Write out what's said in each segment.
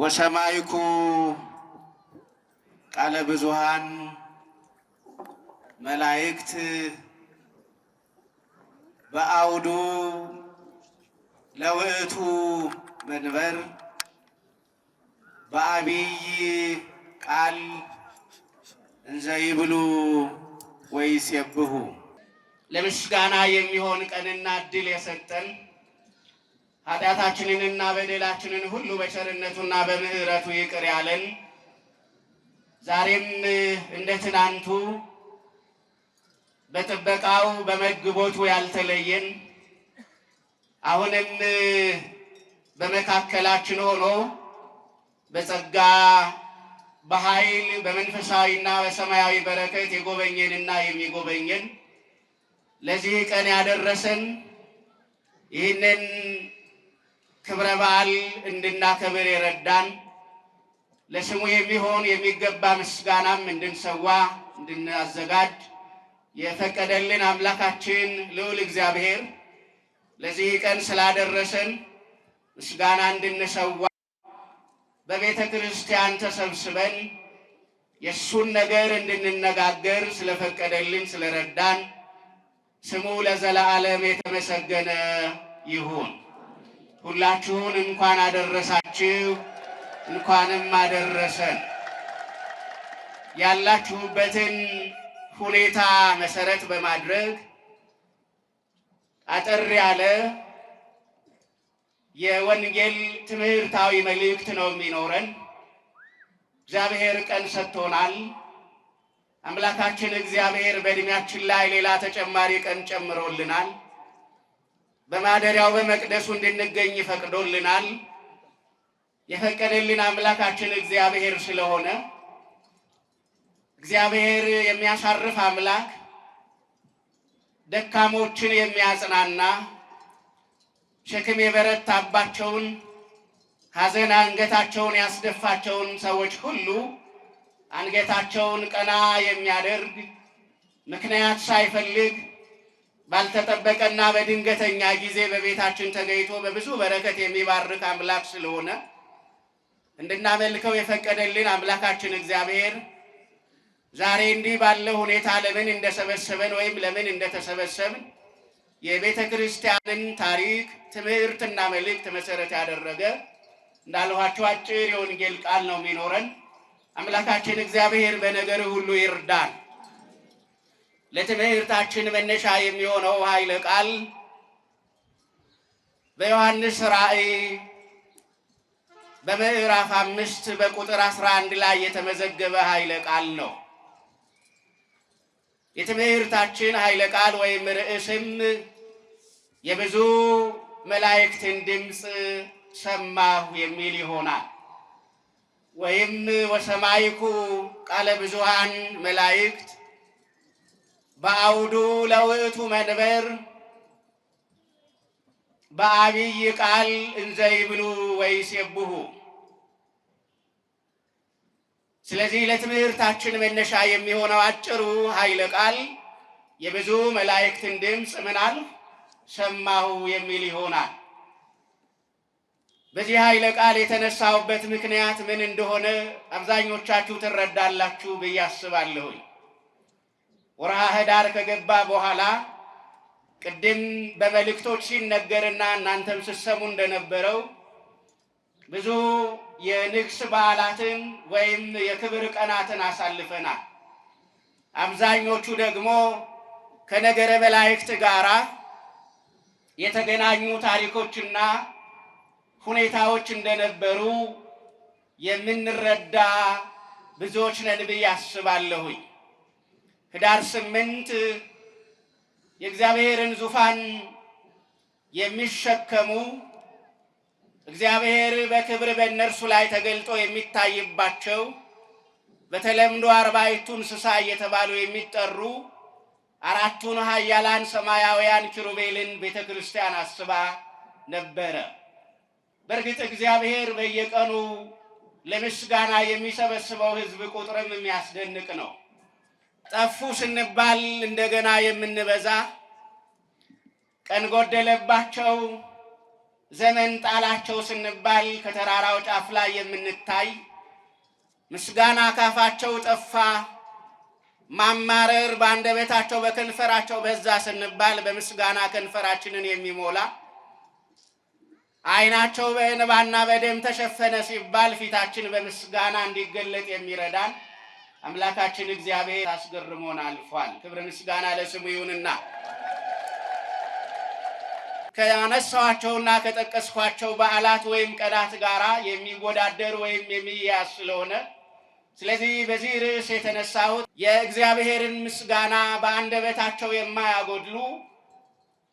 ወሰማይኩ ቃለ ብዙሃን መላእክት በአውዱ ለውእቱ መንበር በአቢይ ቃል እንዘ ይብሉ የብሁ ለምስጋና የሚሆን ቀንና እድል የሰጠን ኃጢአታችንንና በደላችንን ሁሉ በቸርነቱና በምሕረቱ ይቅር ያለን ዛሬም እንደ ትናንቱ በጥበቃው በመግቦቱ ያልተለየን አሁንም በመካከላችን ሆኖ በጸጋ በኃይል በመንፈሳዊና በሰማያዊ በረከት የጎበኘንና የሚጎበኘን ለዚህ ቀን ያደረሰን ይህንን ክብረ በዓል እንድናከብር የረዳን ለስሙ የሚሆን የሚገባ ምስጋናም እንድንሰዋ እንድናዘጋጅ የፈቀደልን አምላካችን ልዑል እግዚአብሔር ለዚህ ቀን ስላደረሰን ምስጋና እንድንሰዋ በቤተ ክርስቲያን ተሰብስበን የእሱን ነገር እንድንነጋገር ስለፈቀደልን ስለረዳን ስሙ ለዘላለም የተመሰገነ ይሁን። ሁላችሁን እንኳን አደረሳችሁ፣ እንኳንም አደረሰን። ያላችሁበትን ሁኔታ መሰረት በማድረግ አጠር ያለ የወንጌል ትምህርታዊ መልእክት ነው የሚኖረን። እግዚአብሔር ቀን ሰጥቶናል። አምላካችን እግዚአብሔር በእድሜያችን ላይ ሌላ ተጨማሪ ቀን ጨምሮልናል። በማደሪያው በመቅደሱ እንድንገኝ ፈቅዶልናል። የፈቀደልን አምላካችን እግዚአብሔር ስለሆነ እግዚአብሔር የሚያሳርፍ አምላክ፣ ደካሞችን የሚያጽናና ሸክም የበረታባቸውን ሐዘን አንገታቸውን ያስደፋቸውን ሰዎች ሁሉ አንገታቸውን ቀና የሚያደርግ ምክንያት ሳይፈልግ ባልተጠበቀና በድንገተኛ ጊዜ በቤታችን ተገኝቶ በብዙ በረከት የሚባርክ አምላክ ስለሆነ እንድናመልከው የፈቀደልን አምላካችን እግዚአብሔር ዛሬ እንዲህ ባለው ሁኔታ ለምን እንደሰበሰበን ወይም ለምን እንደተሰበሰብን የቤተ ክርስቲያንን ታሪክ ትምህርትና መልእክት መሰረት ያደረገ እንዳልኋቸው አጭር የወንጌል ቃል ነው የሚኖረን። አምላካችን እግዚአብሔር በነገር ሁሉ ይርዳል። ለትምህርታችን መነሻ የሚሆነው ኃይለ ቃል በዮሐንስ ራእይ በምዕራፍ አምስት በቁጥር አስራ አንድ ላይ የተመዘገበ ኃይለ ቃል ነው። የትምህርታችን ኃይለ ቃል ወይም ርዕስም የብዙ መላእክትን ድምፅ ሰማሁ የሚል ይሆናል። ወይም ወሰማይኩ ቃለ ብዙሃን መላእክት በአውዱ ለውእቱ መንበር በአብይ ቃል እንዘ ይብሉ ስለዚህ ለትምህርታችን መነሻ የሚሆነው አጭሩ ኃይለ ቃል የብዙ መላእክትን ድምፅ ምናል ሰማሁ የሚል ይሆናል። በዚህ ኃይለ ቃል የተነሳሁበት ምክንያት ምን እንደሆነ አብዛኞቻችሁ ትረዳላችሁ ብዬ አስባለሁኝ። ወርሃ ህዳር ከገባ በኋላ ቅድም በመልእክቶች ሲነገርና እናንተም ስትሰሙ እንደነበረው ብዙ የንግስ በዓላትን ወይም የክብር ቀናትን አሳልፈናል። አብዛኞቹ ደግሞ ከነገረ መላእክት ጋራ የተገናኙ ታሪኮችና ሁኔታዎች እንደነበሩ የምንረዳ ብዙዎች ነን ብዬ አስባለሁኝ። ህዳር ስምንት የእግዚአብሔርን ዙፋን የሚሸከሙ እግዚአብሔር በክብር በእነርሱ ላይ ተገልጦ የሚታይባቸው በተለምዶ አርባይቱ እንስሳ እየተባሉ የሚጠሩ አራቱን ኃያላን ሰማያውያን ኪሩቤልን ቤተ ክርስቲያን አስባ ነበረ። በእርግጥ እግዚአብሔር በየቀኑ ለምስጋና የሚሰበስበው ሕዝብ ቁጥርም የሚያስደንቅ ነው። ጠፉ ስንባል እንደገና የምንበዛ ቀን ጎደለባቸው ዘመን ጣላቸው ስንባል ከተራራው ጫፍ ላይ የምንታይ ምስጋና ካፋቸው ጠፋ ማማረር በአንደበታቸው በከንፈራቸው በዛ ስንባል በምስጋና ከንፈራችንን የሚሞላ ዓይናቸው በእንባና በደም ተሸፈነ ሲባል ፊታችን በምስጋና እንዲገለጥ የሚረዳን አምላካችን እግዚአብሔር አስገርሞን አልፏል። ክብር ምስጋና ለስሙ ይሁንና ከያነሳኋቸውና ከጠቀስኳቸው በዓላት ወይም ቀናት ጋር የሚወዳደር ወይም የሚያዝ ስለሆነ ስለዚህ በዚህ ርዕስ የተነሳሁት የእግዚአብሔርን ምስጋና በአንደበታቸው የማያጎድሉ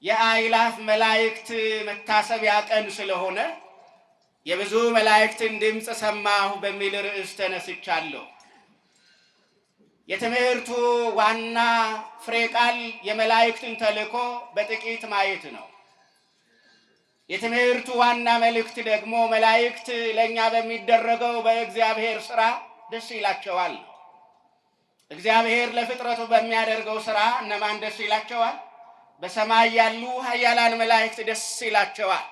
የአይላፍ መላእክት መታሰቢያ ቀን ስለሆነ የብዙ መላእክትን ድምፅ ሰማሁ በሚል ርዕስ ተነስቻለሁ። የትምህርቱ ዋና ፍሬ ቃል የመላእክትን ተልእኮ በጥቂት ማየት ነው። የትምህርቱ ዋና መልእክት ደግሞ መላእክት ለእኛ በሚደረገው በእግዚአብሔር ስራ ደስ ይላቸዋል። እግዚአብሔር ለፍጥረቱ በሚያደርገው ስራ እነማን ደስ ይላቸዋል? በሰማይ ያሉ ኃያላን መላእክት ደስ ይላቸዋል።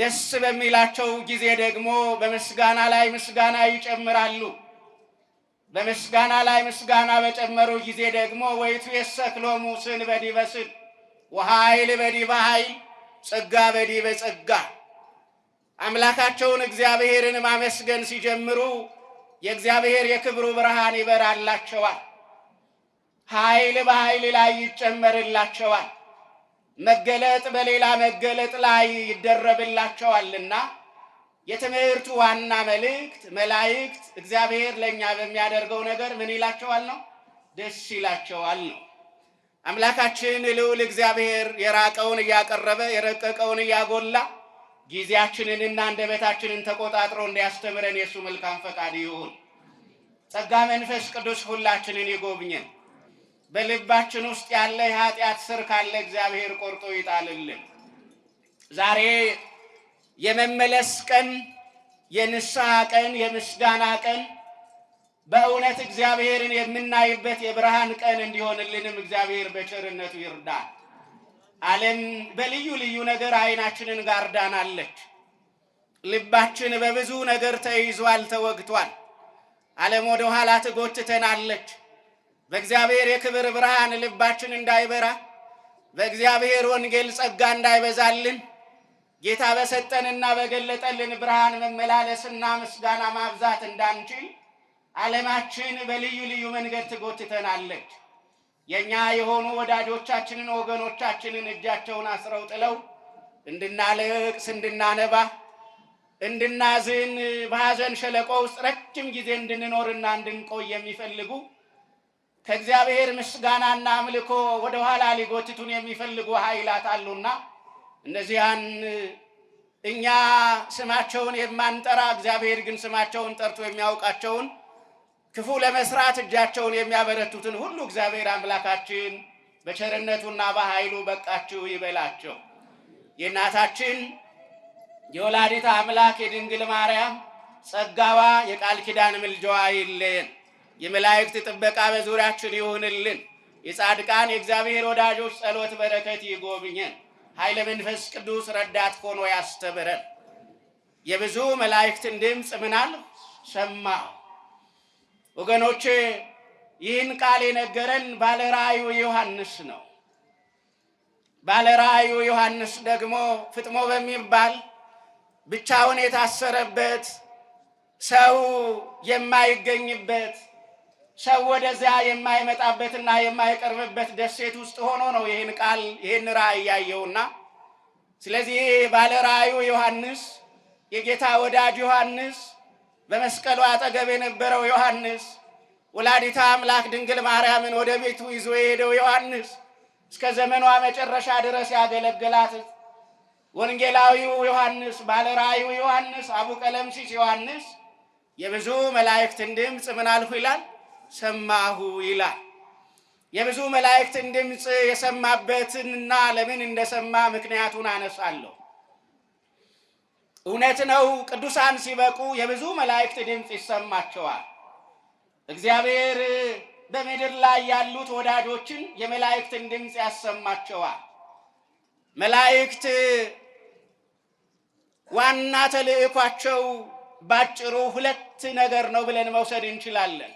ደስ በሚላቸው ጊዜ ደግሞ በምስጋና ላይ ምስጋና ይጨምራሉ። በምስጋና ላይ ምስጋና በጨመሩ ጊዜ ደግሞ ወይቱ የሰክሎሙ ስል በዲበ ወኃይል በዲበ ኃይል ጸጋ በዲበ ጸጋ አምላካቸውን እግዚአብሔርን ማመስገን ሲጀምሩ የእግዚአብሔር የክብሩ ብርሃን ይበራላቸዋል። ኃይል በኃይል ላይ ይጨመርላቸዋል። መገለጥ በሌላ መገለጥ ላይ ይደረብላቸዋልና የትምህርቱ ዋና መልእክት መላእክት እግዚአብሔር ለእኛ በሚያደርገው ነገር ምን ይላቸዋል ነው? ደስ ይላቸዋል ነው። አምላካችን ልዑል እግዚአብሔር የራቀውን እያቀረበ የረቀቀውን እያጎላ ጊዜያችንንና አንደበታችንን ተቆጣጥሮ እንዲያስተምረን የእሱ መልካም ፈቃድ ይሁን። ጸጋ መንፈስ ቅዱስ ሁላችንን ይጎብኘን። በልባችን ውስጥ ያለ የኃጢአት ስር ካለ እግዚአብሔር ቆርጦ ይጣልልን። ዛሬ የመመለስ ቀን፣ የንስሐ ቀን፣ የምስጋና ቀን በእውነት እግዚአብሔርን የምናይበት የብርሃን ቀን እንዲሆንልንም እግዚአብሔር በቸርነቱ ይርዳል። ዓለም በልዩ ልዩ ነገር አይናችንን ጋርዳናለች። ልባችን በብዙ ነገር ተይዟል፣ ተወግቷል። ዓለም ወደ ኋላ ትጎትተናለች። በእግዚአብሔር የክብር ብርሃን ልባችን እንዳይበራ፣ በእግዚአብሔር ወንጌል ጸጋ እንዳይበዛልን ጌታ በሰጠንና በገለጠልን ብርሃን መመላለስና ምስጋና ማብዛት እንዳንችል ዓለማችን በልዩ ልዩ መንገድ ትጎትተናለች። የእኛ የሆኑ ወዳጆቻችንን ወገኖቻችንን እጃቸውን አስረው ጥለው እንድናለቅስ፣ እንድናነባ፣ እንድናዝን በሐዘን ሸለቆ ውስጥ ረጅም ጊዜ እንድንኖርና እንድንቆይ የሚፈልጉ ከእግዚአብሔር ምስጋናና አምልኮ ወደኋላ ሊጎትቱን የሚፈልጉ ኃይላት አሉና እነዚያን እኛ ስማቸውን የማንጠራ እግዚአብሔር ግን ስማቸውን ጠርቶ የሚያውቃቸውን ክፉ ለመስራት እጃቸውን የሚያበረቱትን ሁሉ እግዚአብሔር አምላካችን በቸርነቱና በኃይሉ በቃችሁ ይበላቸው። የእናታችን የወላዲት አምላክ የድንግል ማርያም ጸጋዋ የቃል ኪዳን ምልጃዋ ይለየን። የመላእክት ጥበቃ በዙሪያችን ይሁንልን። የጻድቃን የእግዚአብሔር ወዳጆች ጸሎት በረከት ይጎብኘን። ኃይለ መንፈስ ቅዱስ ረዳት ሆኖ ያስተምረን። የብዙ መላእክትን ድምፅ ምናል ሰማሁ። ወገኖቼ ይህን ቃል የነገረን ባለራዩ ራእዩ ዮሐንስ ነው። ባለራዩ ራእዩ ዮሐንስ ደግሞ ፍጥሞ በሚባል ብቻውን የታሰረበት ሰው የማይገኝበት ሰው ወደዚያ የማይመጣበትና የማይቀርብበት ደሴት ውስጥ ሆኖ ነው ይህን ቃል ይህን ራእይ ያየውና ስለዚህ ባለ ራእዩ ዮሐንስ የጌታ ወዳጅ ዮሐንስ በመስቀሉ አጠገብ የነበረው ዮሐንስ ወላዲታ አምላክ ድንግል ማርያምን ወደ ቤቱ ይዞ የሄደው ዮሐንስ እስከ ዘመኗ መጨረሻ ድረስ ያገለገላት ወንጌላዊው ዮሐንስ ባለ ራእዩ ዮሐንስ አቡ ቀለምሲስ ዮሐንስ የብዙ መላእክትን ድምፅ ምን አልሁ ይላል ሰማሁ ይላል። የብዙ መላእክትን ድምፅ የሰማበትንና ለምን እንደሰማ ምክንያቱን አነሳለሁ። እውነት ነው፣ ቅዱሳን ሲበቁ የብዙ መላእክት ድምፅ ይሰማቸዋል። እግዚአብሔር በምድር ላይ ያሉት ወዳጆችን የመላእክትን ድምፅ ያሰማቸዋል። መላእክት ዋና ተልዕኳቸው ባጭሩ ሁለት ነገር ነው ብለን መውሰድ እንችላለን።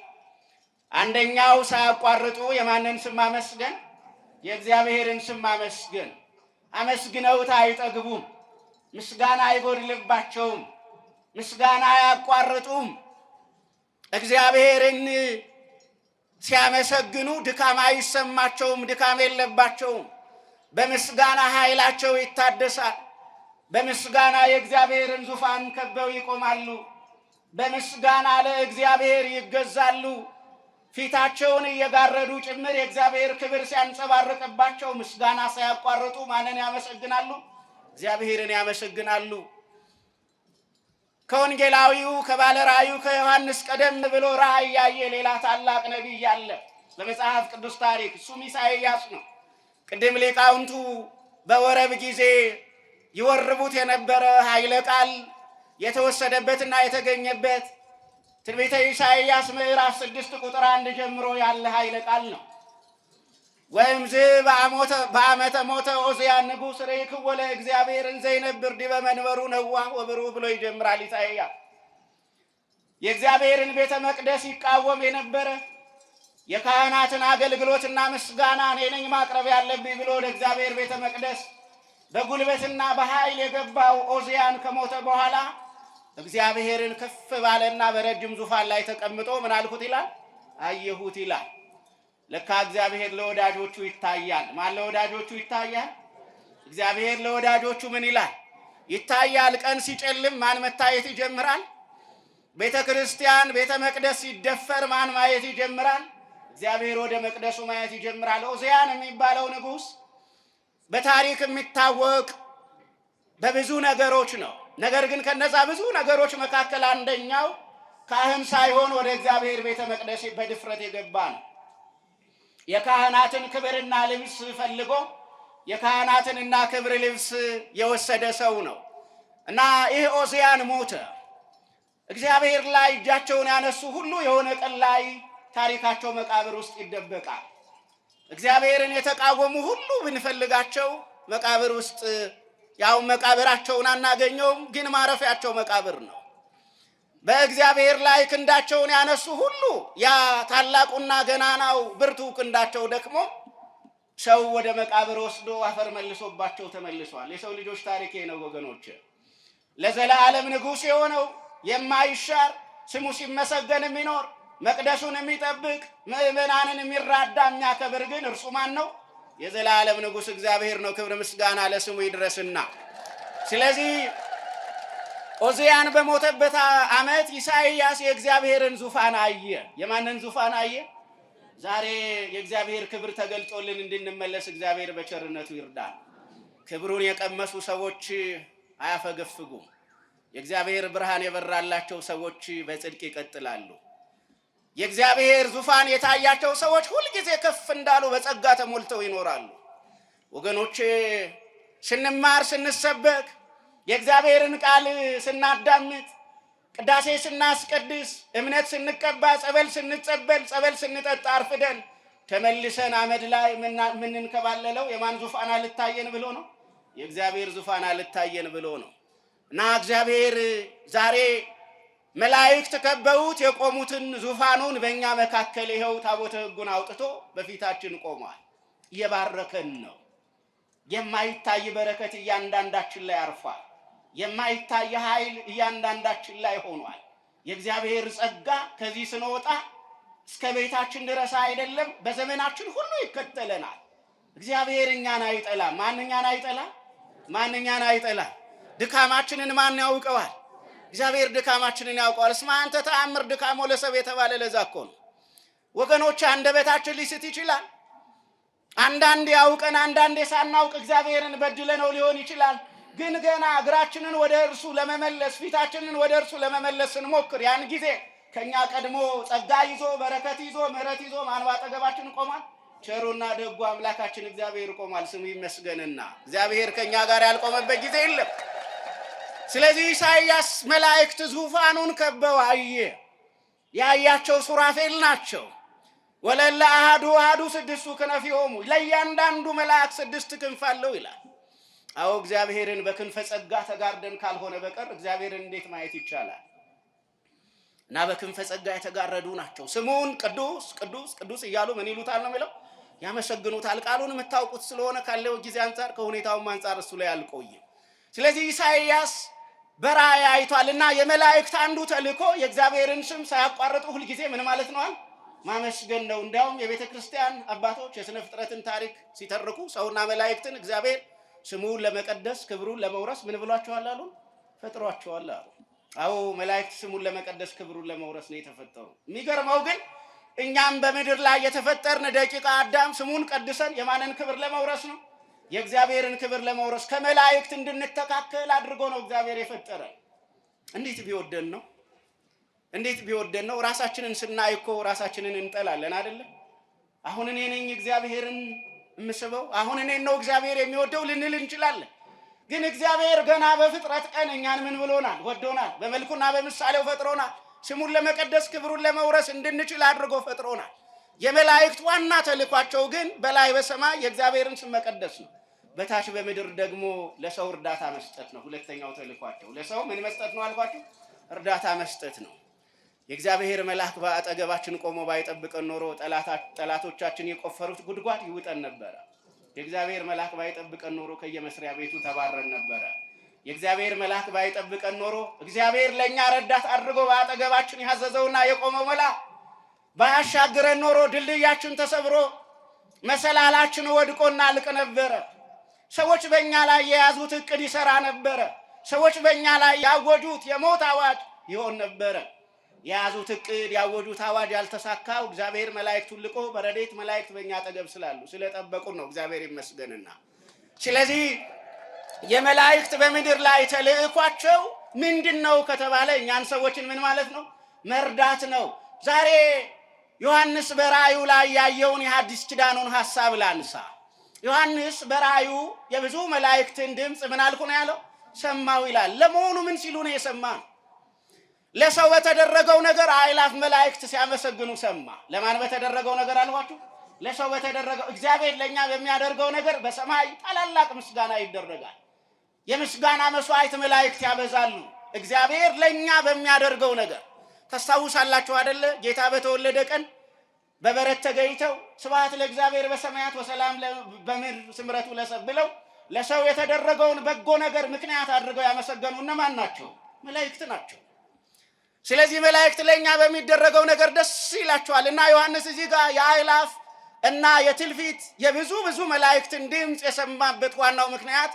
አንደኛው ሳያቋርጡ የማንን ስም አመስገን? የእግዚአብሔርን ስም አመስግን። አመስግነውት አይጠግቡም። ምስጋና አይጎድልባቸውም። ምስጋና አያቋርጡም። እግዚአብሔርን ሲያመሰግኑ ድካም አይሰማቸውም፣ ድካም የለባቸውም። በምስጋና ኃይላቸው ይታደሳል። በምስጋና የእግዚአብሔርን ዙፋን ከበው ይቆማሉ። በምስጋና ለእግዚአብሔር ይገዛሉ። ፊታቸውን እየጋረዱ ጭምር የእግዚአብሔር ክብር ሲያንጸባርቅባቸው ምስጋና ሳያቋርጡ ማንን ያመሰግናሉ? እግዚአብሔርን ያመሰግናሉ። ከወንጌላዊው ከባለ ራእዩ ከዮሐንስ ቀደም ብሎ ራእይ ያየ ሌላ ታላቅ ነቢይ አለ በመጽሐፍ ቅዱስ ታሪክ፣ እሱም ኢሳይያስ ነው። ቅድም ሊቃውንቱ በወረብ ጊዜ ይወርቡት የነበረ ኃይለ ቃል የተወሰደበትና የተገኘበት ትንቢተ ኢሳይያስ ምዕራፍ ስድስት ቁጥር አንድ ጀምሮ ያለ ኃይለ ቃል ነው። ወይም ዝ በአመተ ሞተ ኦዝያ ንጉሥ ወለ እግዚአብሔርን ዘይነብር ዲበ መንበሩ ነዋ ወብሩ ብሎ ይጀምራል ኢሳይያስ። የእግዚአብሔርን ቤተ መቅደስ ይቃወም የነበረ የካህናትን አገልግሎትና ምስጋና እኔ ነኝ ማቅረብ ያለብኝ ብሎ ለእግዚአብሔር ቤተ መቅደስ በጉልበትና በኃይል የገባው ኦዝያን ከሞተ በኋላ እግዚአብሔርን ከፍ ባለና በረጅም ዙፋን ላይ ተቀምጦ ምን አልኩት ይላል አየሁት ይላል። ለካ እግዚአብሔር ለወዳጆቹ ይታያል። ማን ለወዳጆቹ ይታያል? እግዚአብሔር ለወዳጆቹ ምን ይላል? ይታያል። ቀን ሲጨልም ማን መታየት ይጀምራል? ቤተ ክርስቲያን ቤተ መቅደስ ሲደፈር ማን ማየት ይጀምራል? እግዚአብሔር ወደ መቅደሱ ማየት ይጀምራል። ኦዚያን የሚባለው ንጉሥ በታሪክ የሚታወቅ በብዙ ነገሮች ነው። ነገር ግን ከነዛ ብዙ ነገሮች መካከል አንደኛው ካህን ሳይሆን ወደ እግዚአብሔር ቤተ መቅደስ በድፍረት የገባ ነው። የካህናትን ክብርና ልብስ ፈልጎ የካህናትንና ክብር ልብስ የወሰደ ሰው ነው እና ይህ ዖዝያን ሞተ። እግዚአብሔር ላይ እጃቸውን ያነሱ ሁሉ የሆነ ቀን ላይ ታሪካቸው መቃብር ውስጥ ይደበቃል። እግዚአብሔርን የተቃወሙ ሁሉ ብንፈልጋቸው መቃብር ውስጥ ያው መቃብራቸውን አናገኘውም፣ ግን ማረፊያቸው መቃብር ነው። በእግዚአብሔር ላይ ክንዳቸውን ያነሱ ሁሉ ያ ታላቁና ገናናው ብርቱ ክንዳቸው ደክሞ ሰው ወደ መቃብር ወስዶ አፈር መልሶባቸው ተመልሷል። የሰው ልጆች ታሪክ ነው ወገኖች። ለዘላለም ንጉሥ የሆነው የማይሻር ስሙ ሲመሰገን የሚኖር መቅደሱን የሚጠብቅ ምዕመናንን የሚራዳ የሚያከብር ግን እርሱ ማን ነው? የዘላለም ንጉሥ እግዚአብሔር ነው። ክብር ምስጋና ለስሙ ይድረስና ስለዚህ ኦዚያን በሞተበት ዓመት ኢሳይያስ የእግዚአብሔርን ዙፋን አየ። የማንን ዙፋን አየ? ዛሬ የእግዚአብሔር ክብር ተገልጦልን እንድንመለስ እግዚአብሔር በቸርነቱ ይርዳል። ክብሩን የቀመሱ ሰዎች አያፈገፍጉም። የእግዚአብሔር ብርሃን የበራላቸው ሰዎች በጽድቅ ይቀጥላሉ። የእግዚአብሔር ዙፋን የታያቸው ሰዎች ሁልጊዜ ከፍ እንዳሉ በጸጋ ተሞልተው ይኖራሉ። ወገኖቼ ስንማር፣ ስንሰበክ፣ የእግዚአብሔርን ቃል ስናዳምጥ፣ ቅዳሴ ስናስቀድስ፣ እምነት ስንቀባ፣ ጸበል ስንጸበል፣ ጸበል ስንጠጣ አርፍደን ተመልሰን አመድ ላይ የምንንከባለለው የማን ዙፋን አልታየን ብሎ ነው? የእግዚአብሔር ዙፋን አልታየን ብሎ ነው እና እግዚአብሔር ዛሬ መላእክት ከበውት የቆሙትን ዙፋኑን በእኛ መካከል ይኸው ታቦተ ሕጉን አውጥቶ በፊታችን ቆሟል። እየባረከን ነው። የማይታይ በረከት እያንዳንዳችን ላይ አርፏል። የማይታይ ኃይል እያንዳንዳችን ላይ ሆኗል። የእግዚአብሔር ጸጋ ከዚህ ስንወጣ እስከ ቤታችን ድረስ አይደለም፣ በዘመናችን ሁሉ ይከተለናል። እግዚአብሔር እኛን አይጠላም። ማን እኛን አይጠላም? ማን ድካማችንን ማን ያውቀዋል? እግዚአብሔር ድካማችንን ያውቀዋል። እስማ አንተ ተአምር ድካሞ ለሰብ የተባለ ለዛ እኮ ነው ወገኖች። አንደበታችን ሊስት ይችላል። አንዳንዴ ያውቀን፣ አንዳንዴ ሳናውቅ እግዚአብሔርን በድለነው ሊሆን ይችላል። ግን ገና እግራችንን ወደ እርሱ ለመመለስ ፊታችንን ወደ እርሱ ለመመለስ ስንሞክር ያን ጊዜ ከኛ ቀድሞ ጸጋ ይዞ በረከት ይዞ ምሕረት ይዞ ማን ባጠገባችን ቆሟል? ቸሩና ደጉ አምላካችን እግዚአብሔር ቆሟል። ስሙ ይመስገንና እግዚአብሔር ከኛ ጋር ያልቆመበት ጊዜ የለም። ስለዚህ ኢሳይያስ መላእክት ዙፋኑን ከበው አየ። ያያቸው ሱራፌል ናቸው። ወለለ አሃዱ አሃዱ ስድስቱ ክነፍ የሆሙ ለእያንዳንዱ መልአክ ስድስት ክንፍ አለው ይላል። አዎ እግዚአብሔርን በክንፈ ጸጋ ተጋርደን ካልሆነ በቀር እግዚአብሔርን እንዴት ማየት ይቻላል? እና በክንፈ ጸጋ የተጋረዱ ናቸው። ስሙን ቅዱስ ቅዱስ ቅዱስ እያሉ ምን ይሉታል ነው የሚለው ያመሰግኑታል። ቃሉን የምታውቁት ስለሆነ ካለው ጊዜ አንጻር ከሁኔታውም አንጻር እሱ ላይ አልቆይም። ስለዚህ ኢሳይያስ በራእይ እና የመላእክት አንዱ ተልእኮ የእግዚአብሔርን ስም ሳያቋርጡ ሁልጊዜ ምን ማለት ነዋል ማመስገን ነው። እንዲያውም የቤተ ክርስቲያን አባቶች የሥነ ፍጥረትን ታሪክ ሲተርኩ ሰውና መላእክትን እግዚአብሔር ስሙን ለመቀደስ ክብሩን ለመውረስ ምን ብሏቸዋል አሉ? ፈጥሯቸዋል አሉ። አዎ መላእክት ስሙን ለመቀደስ ክብሩን ለመውረስ ነው የተፈጠሩ። የሚገርመው ግን እኛም በምድር ላይ የተፈጠርን ደቂቃ አዳም ስሙን ቀድሰን የማንን ክብር ለመውረስ ነው? የእግዚአብሔርን ክብር ለመውረስ ከመላእክት እንድንተካከል አድርጎ ነው እግዚአብሔር የፈጠረ። እንዴት ቢወደን ነው! እንዴት ቢወደን ነው! ራሳችንን ስናይ እኮ ራሳችንን እንጠላለን አይደለም? አሁን እኔ ነኝ እግዚአብሔርን የምስበው፣ አሁን እኔን ነው እግዚአብሔር የሚወደው ልንል እንችላለን። ግን እግዚአብሔር ገና በፍጥረት ቀን እኛን ምን ብሎናል? ወዶናል። በመልኩና በምሳሌው ፈጥሮናል። ስሙን ለመቀደስ ክብሩን ለመውረስ እንድንችል አድርጎ ፈጥሮናል። የመላእክት ዋና ተልኳቸው ግን በላይ በሰማይ የእግዚአብሔርን ስም መቀደስ ነው። በታች በምድር ደግሞ ለሰው እርዳታ መስጠት ነው። ሁለተኛው ተልኳቸው ለሰው ምን መስጠት ነው አልኳቸው? እርዳታ መስጠት ነው። የእግዚአብሔር መልአክ በአጠገባችን ቆሞ ባይጠብቀን ኖሮ ጠላቶቻችን የቆፈሩት ጉድጓድ ይውጠን ነበረ። የእግዚአብሔር መልአክ ባይጠብቀን ኖሮ ከየመስሪያ ቤቱ ተባረን ነበረ። የእግዚአብሔር መልአክ ባይጠብቀን ኖሮ እግዚአብሔር ለእኛ ረዳት አድርጎ በአጠገባችን ያዘዘውና የቆመው መላ ባያሻግረን ኖሮ ድልድያችን ተሰብሮ መሰላላችን ወድቆና አልቅ ነበረ። ሰዎች በእኛ ላይ የያዙት እቅድ ይሰራ ነበረ። ሰዎች በእኛ ላይ ያወጁት የሞት አዋጅ ይሆን ነበረ። የያዙት እቅድ ያወጁት አዋጅ ያልተሳካው እግዚአብሔር መላእክቱን ልቆ በረዴት መላእክት በእኛ አጠገብ ስላሉ ስለጠበቁን ነው። እግዚአብሔር ይመስገንና ስለዚህ የመላእክት በምድር ላይ ተልእኳቸው ምንድን ነው ከተባለ እኛን ሰዎችን ምን ማለት ነው? መርዳት ነው። ዛሬ ዮሐንስ በራእዩ ላይ ያየውን የሐዲስ ኪዳኑን ሐሳብ ላንሳ። ዮሐንስ በራዩ የብዙ መላእክትን ድምፅ ምን አልኩ ነው ያለው? ሰማው ይላል። ለመሆኑ ምን ሲሉ ነው የሰማ? ለሰው በተደረገው ነገር አእላፍ መላእክት ሲያመሰግኑ ሰማ። ለማን በተደረገው ነገር አልኋችሁ? ለሰው በተደረገው እግዚአብሔር ለእኛ በሚያደርገው ነገር በሰማይ ታላላቅ ምስጋና ይደረጋል። የምስጋና መስዋዕት መላእክት ያበዛሉ። እግዚአብሔር ለእኛ በሚያደርገው ነገር ታስታውሳላችሁ አደለ? ጌታ በተወለደ ቀን በበረት ተገኝተው ስብሐት ለእግዚአብሔር በሰማያት ወሰላም በምድር ስምረቱ ለሰብ ብለው ለሰው የተደረገውን በጎ ነገር ምክንያት አድርገው ያመሰገኑ እነማን ናቸው? መላእክት ናቸው። ስለዚህ መላእክት ለእኛ በሚደረገው ነገር ደስ ይላቸዋል እና ዮሐንስ እዚህ ጋር የአእላፍ እና የትልፊት የብዙ ብዙ መላእክትን ድምፅ የሰማበት ዋናው ምክንያት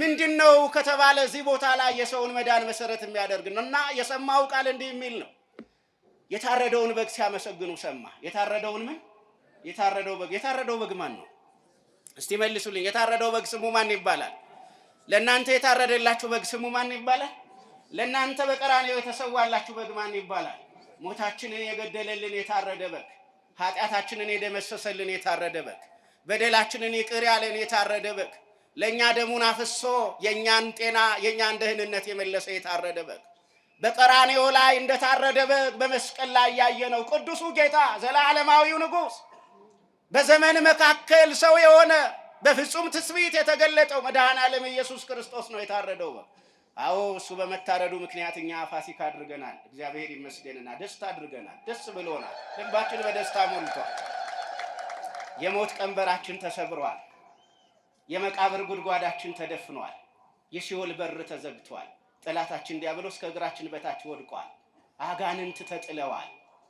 ምንድን ነው ከተባለ እዚህ ቦታ ላይ የሰውን መዳን መሰረት የሚያደርግ ነው እና የሰማው ቃል እንዲህ የሚል ነው የታረደውን በግ ሲያመሰግኑ ሰማ። የታረደውን ምን? የታረደው በግ። የታረደው በግ ማን ነው? እስቲ መልሱልኝ። የታረደው በግ ስሙ ማን ይባላል? ለእናንተ የታረደላችሁ በግ ስሙ ማን ይባላል? ለእናንተ በቀራኔው የተሰዋላችሁ በግ ማን ይባላል? ሞታችንን የገደለልን የታረደ በግ፣ ኃጢአታችንን የደመሰሰልን የታረደ በግ፣ በደላችንን ይቅር ያለን የታረደ በግ፣ ለእኛ ደሙን አፍሶ የእኛን ጤና የእኛን ደህንነት የመለሰ የታረደ በግ በቀራኔዮ ላይ እንደታረደ በግ በመስቀል ላይ ያየነው ቅዱሱ ጌታ ዘላለማዊው ንጉሥ በዘመን መካከል ሰው የሆነ በፍጹም ትስብእት የተገለጠው መድኃኔ ዓለም ኢየሱስ ክርስቶስ ነው የታረደው አዎ እሱ በመታረዱ ምክንያት እኛ ፋሲካ አድርገናል። እግዚአብሔር ይመስገንና ደስታ አድርገናል። ደስ ብሎናል። ልባችን በደስታ ሞልቷል። የሞት ቀንበራችን ተሰብሯል። የመቃብር ጉድጓዳችን ተደፍኗል። የሲኦል በር ተዘግቷል። ጠላታችን ዲያብሎስ ከእግራችን በታች ወድቋል። አጋንንት ተጥለዋል።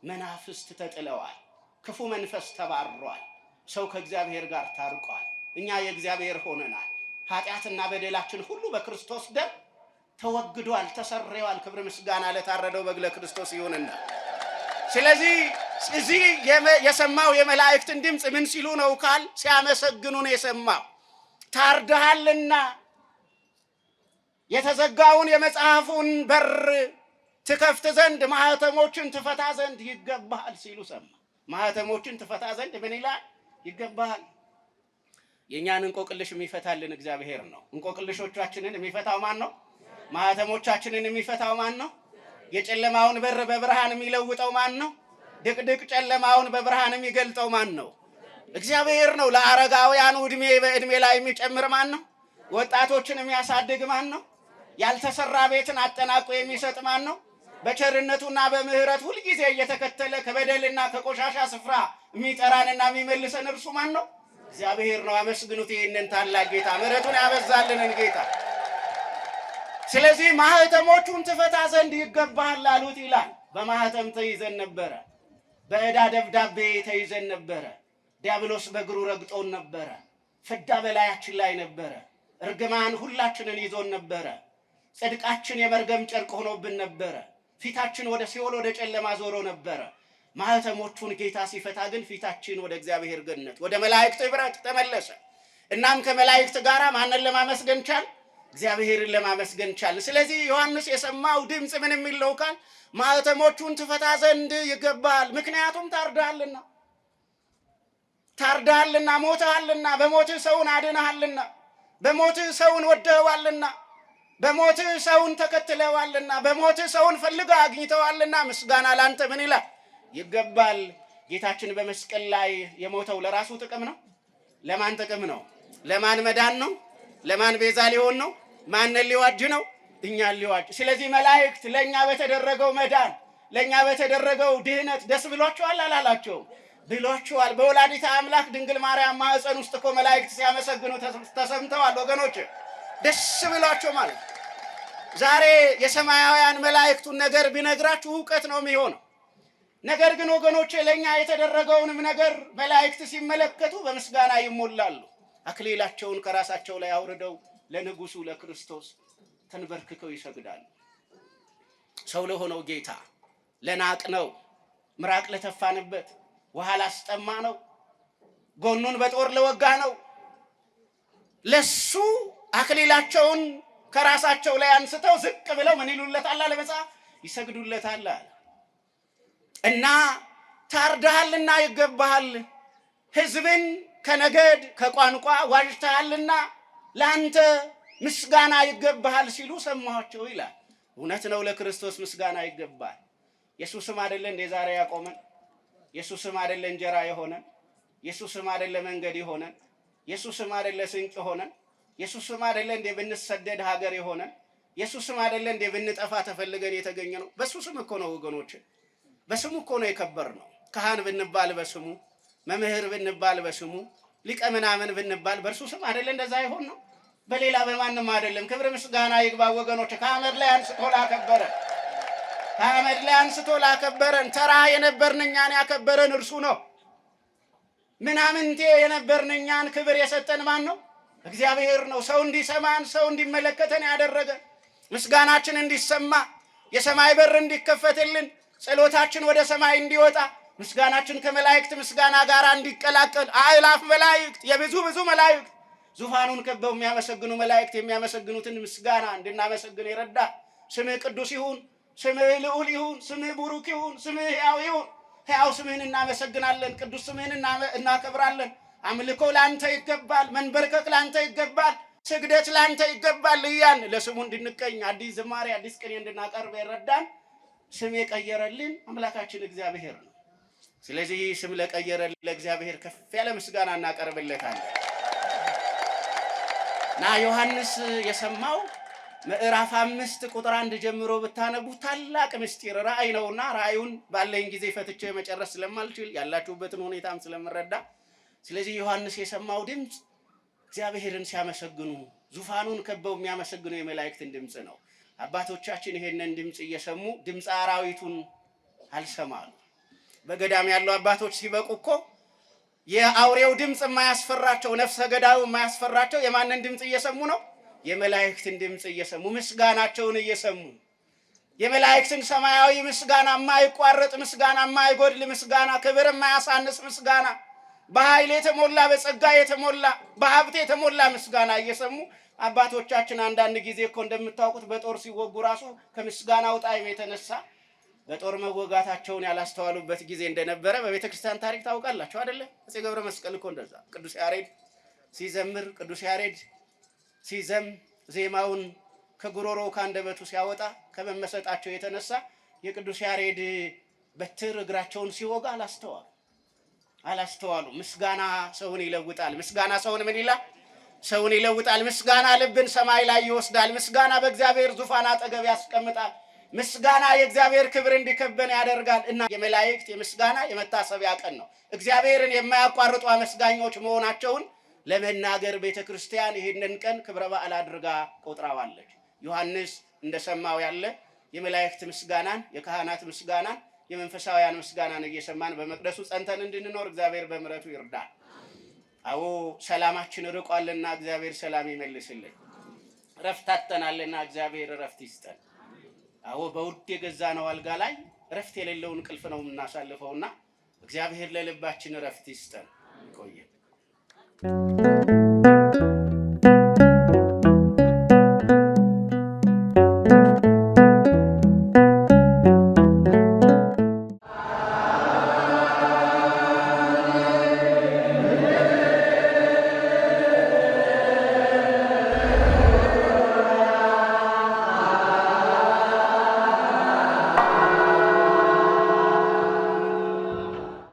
መናፍስት ተጥለዋል። ክፉ መንፈስ ተባሯል። ሰው ከእግዚአብሔር ጋር ታርቋል። እኛ የእግዚአብሔር ሆነናል። ኃጢአትና በደላችን ሁሉ በክርስቶስ ደም ተወግዷል፣ ተሰሬዋል። ክብር ምስጋና ለታረደው በግለ ክርስቶስ ይሁንና። ስለዚህ እዚህ የሰማው የመላእክትን ድምፅ ምን ሲሉ ነው ካል ሲያመሰግኑን የሰማው ታርደሃልና የተዘጋውን የመጽሐፉን በር ትከፍት ዘንድ ማህተሞችን ትፈታ ዘንድ ይገባሃል ሲሉ ሰማ። ማህተሞችን ትፈታ ዘንድ ምን ይላል? ይገባሃል። የእኛን እንቆቅልሽ የሚፈታልን እግዚአብሔር ነው። እንቆቅልሾቻችንን የሚፈታው ማን ነው? ማህተሞቻችንን የሚፈታው ማን ነው? የጨለማውን በር በብርሃን የሚለውጠው ማን ነው? ድቅድቅ ጨለማውን በብርሃን የሚገልጠው ማን ነው? እግዚአብሔር ነው። ለአረጋውያኑ ዕድሜ በዕድሜ ላይ የሚጨምር ማን ነው? ወጣቶችን የሚያሳድግ ማን ነው? ያልተሰራ ቤትን አጠናቆ የሚሰጥ ማን ነው? በቸርነቱና በምህረት ሁልጊዜ እየተከተለ ከበደልና ከቆሻሻ ስፍራ የሚጠራንና የሚመልሰን እርሱ ማን ነው? እግዚአብሔር ነው። አመስግኑት ይህንን ታላቅ ጌታ፣ ምሕረቱን ያበዛልንን ጌታ። ስለዚህ ማህተሞቹን ትፈታ ዘንድ ይገባሃል ላሉት ይላል። በማህተም ተይዘን ነበረ። በዕዳ ደብዳቤ ተይዘን ነበረ። ዲያብሎስ በእግሩ ረግጦን ነበረ። ፍዳ በላያችን ላይ ነበረ። እርግማን ሁላችንን ይዞን ነበረ። ጽድቃችን የመርገም ጨርቅ ሆኖብን ነበረ። ፊታችን ወደ ሲኦል ወደ ጨለማ ዞሮ ነበረ። ማህተሞቹን ጌታ ሲፈታ ግን ፊታችን ወደ እግዚአብሔር ገነት ወደ መላእክት ኅብረት ተመለሰ። እናም ከመላእክት ጋር ማንን ለማመስገን ቻል? እግዚአብሔርን ለማመስገን ቻል። ስለዚህ ዮሐንስ የሰማው ድምፅ ምን የሚል ነው ካል ማህተሞቹን ትፈታ ዘንድ ይገባል። ምክንያቱም ታርዳሃልና ታርዳሃልና፣ ሞተሃልና፣ በሞትህ ሰውን አድነሃልና፣ በሞትህ ሰውን ወደኸዋልና በሞት ሰውን ተከትለዋልና በሞት ሰውን ፈልገው አግኝተዋልና ምስጋና ላንተ ምን ይላል ይገባል። ጌታችን በመስቀል ላይ የሞተው ለራሱ ጥቅም ነው? ለማን ጥቅም ነው? ለማን መዳን ነው? ለማን ቤዛ ሊሆን ነው? ማንን ሊዋጅ ነው? እኛን ሊዋጅ። ስለዚህ መላእክት ለእኛ በተደረገው መዳን ለእኛ በተደረገው ድህነት ደስ ብሏችኋል አላላቸውም? ብሏችኋል። በወላዲታ አምላክ ድንግል ማርያም ማዕፀን ውስጥ እኮ መላእክት ሲያመሰግኑ ተሰምተዋል ወገኖች። ደስ ብሏቸው ማለት ነው። ዛሬ የሰማያውያን መላእክቱን ነገር ቢነግራችሁ እውቀት ነው የሚሆነው። ነገር ግን ወገኖቼ ለእኛ የተደረገውንም ነገር መላእክት ሲመለከቱ በምስጋና ይሞላሉ። አክሊላቸውን ከራሳቸው ላይ አውርደው ለንጉሱ ለክርስቶስ ተንበርክከው ይሰግዳሉ። ሰው ለሆነው ጌታ ለናቅ ነው፣ ምራቅ ለተፋንበት፣ ውሃ ላስጠማ ነው፣ ጎኑን በጦር ለወጋ ነው ለሱ አክሊላቸውን ከራሳቸው ላይ አንስተው ዝቅ ብለው ምን ይሉለታል አለ መጽሐፍ፣ ይሰግዱለታል አለ እና ታርደሃልና ይገባሃል፣ ህዝብን ከነገድ ከቋንቋ ዋጅተሃልና ለአንተ ምስጋና ይገባሃል ሲሉ ሰማኋቸው ይላል። እውነት ነው፣ ለክርስቶስ ምስጋና ይገባል። የሱስም አይደለ እንደ ዛሬ ያቆመን፣ ስም አይደለ እንጀራ የሆነን፣ ስም አይደለ መንገድ የሆነን፣ ስም አይደለ ስንቅ የሆነን የሱስ ስም አይደለ እንደ ብንሰደድ ሀገር የሆነ የሱስ ስም አይደለ እንደ ብንጠፋ ተፈልገን የተገኘ ነው። በሱ ስም እኮ ነው ወገኖች፣ በስሙ እኮ ነው የከበር ነው። ካህን ብንባል በስሙ መምህር ብንባል በስሙ ሊቀ ምናምን ብንባል በእርሱ ስም አይደለ እንደዛ ይሆን ነው። በሌላ በማንም አይደለም። ክብር ምስጋና ይግባ ወገኖች። ከአመድ ላይ አንስቶ ላከበረ ከአመድ ላይ አንስቶ ላከበረን ተራ የነበርን እኛን ያከበረን እርሱ ነው። ምናምንቴ የነበርን እኛን ክብር የሰጠን ማን ነው? እግዚአብሔር ነው። ሰው እንዲሰማን ሰው እንዲመለከተን ያደረገ ምስጋናችን እንዲሰማ የሰማይ በር እንዲከፈትልን ጸሎታችን ወደ ሰማይ እንዲወጣ ምስጋናችን ከመላእክት ምስጋና ጋር እንዲቀላቀል አእላፍ መላእክት የብዙ ብዙ መላእክት ዙፋኑን ከበው የሚያመሰግኑ መላእክት የሚያመሰግኑትን ምስጋና እንድናመሰግን የረዳ ስምህ ቅዱስ ይሁን፣ ስምህ ልዑል ይሁን፣ ስምህ ቡሩክ ይሁን፣ ስምህ ሕያው ይሁን። ሕያው ስምህን እናመሰግናለን፣ ቅዱስ ስምህን እናከብራለን። አምልኮ ለአንተ ይገባል፣ መንበርከቅ ለአንተ ይገባል፣ ስግደት ለአንተ ይገባል እያን ለስሙ እንድንቀኝ አዲስ ዝማሬ አዲስ ቅኔ እንድናቀርብ የረዳን ስም የቀየረልን አምላካችን እግዚአብሔር ነው። ስለዚህ ይህ ስም ለቀየረልን ለእግዚአብሔር ከፍ ያለ ምስጋና እናቀርብለታል። እና ዮሐንስ የሰማው ምዕራፍ አምስት ቁጥር አንድ ጀምሮ ብታነቡ ታላቅ ምስጢር ራእይ ነውና ራእዩን ባለኝ ጊዜ ፈትቼ መጨረስ ስለማልችል ያላችሁበትን ሁኔታም ስለምረዳ ስለዚህ ዮሐንስ የሰማው ድምፅ እግዚአብሔርን ሲያመሰግኑ ዙፋኑን ከበው የሚያመሰግኑ የመላእክትን ድምፅ ነው። አባቶቻችን ይሄንን ድምፅ እየሰሙ ድምፅ አራዊቱን አልሰማሉ። በገዳም ያሉ አባቶች ሲበቁ እኮ የአውሬው ድምፅ የማያስፈራቸው ነፍሰ ገዳዩ የማያስፈራቸው የማንን ድምፅ እየሰሙ ነው? የመላእክትን ድምፅ እየሰሙ ምስጋናቸውን እየሰሙ የመላእክትን ሰማያዊ ምስጋና፣ የማይቋረጥ ምስጋና፣ የማይጎድል ምስጋና፣ ክብር የማያሳንስ ምስጋና በኃይል የተሞላ በጸጋ የተሞላ በሀብት የተሞላ ምስጋና እየሰሙ አባቶቻችን አንዳንድ ጊዜ እኮ እንደምታውቁት በጦር ሲወጉ ራሱ ከምስጋናው ጣዕም የተነሳ በጦር መወጋታቸውን ያላስተዋሉበት ጊዜ እንደነበረ በቤተ ክርስቲያን ታሪክ ታውቃላችሁ አይደለ? አፄ ገብረ መስቀል እኮ እንደዛ ቅዱስ ያሬድ ሲዘምር ቅዱስ ያሬድ ሲዘም ዜማውን ከጉሮሮው ከአንደበቱ ሲያወጣ ከመመሰጣቸው የተነሳ የቅዱስ ያሬድ በትር እግራቸውን ሲወጋ አላስተዋሉ። አላስተዋሉ። ምስጋና ሰውን ይለውጣል። ምስጋና ሰውን ምን ይላል? ሰውን ይለውጣል። ምስጋና ልብን ሰማይ ላይ ይወስዳል። ምስጋና በእግዚአብሔር ዙፋን አጠገብ ያስቀምጣል። ምስጋና የእግዚአብሔር ክብር እንዲከበን ያደርጋል እና የመላእክት የምስጋና የመታሰቢያ ቀን ነው። እግዚአብሔርን የማያቋርጡ አመስጋኞች መሆናቸውን ለመናገር ቤተ ክርስቲያን ይህንን ቀን ክብረ በዓል አድርጋ ቆጥራዋለች። ዮሐንስ እንደሰማው ያለ የመላእክት ምስጋናን የካህናት ምስጋናን የመንፈሳውያን ምስጋናን እየሰማን በመቅደሱ ጸንተን እንድንኖር እግዚአብሔር በምሕረቱ ይርዳል። አዎ ሰላማችን ርቋልና እግዚአብሔር ሰላም ይመልስልን። እረፍት አጥተናልና እግዚአብሔር እረፍት ይስጠን። አዎ በውድ የገዛ ነው አልጋ ላይ እረፍት የሌለውን ቅልፍ ነው የምናሳልፈውና እግዚአብሔር ለልባችን እረፍት ይስጠን። ይቆየን።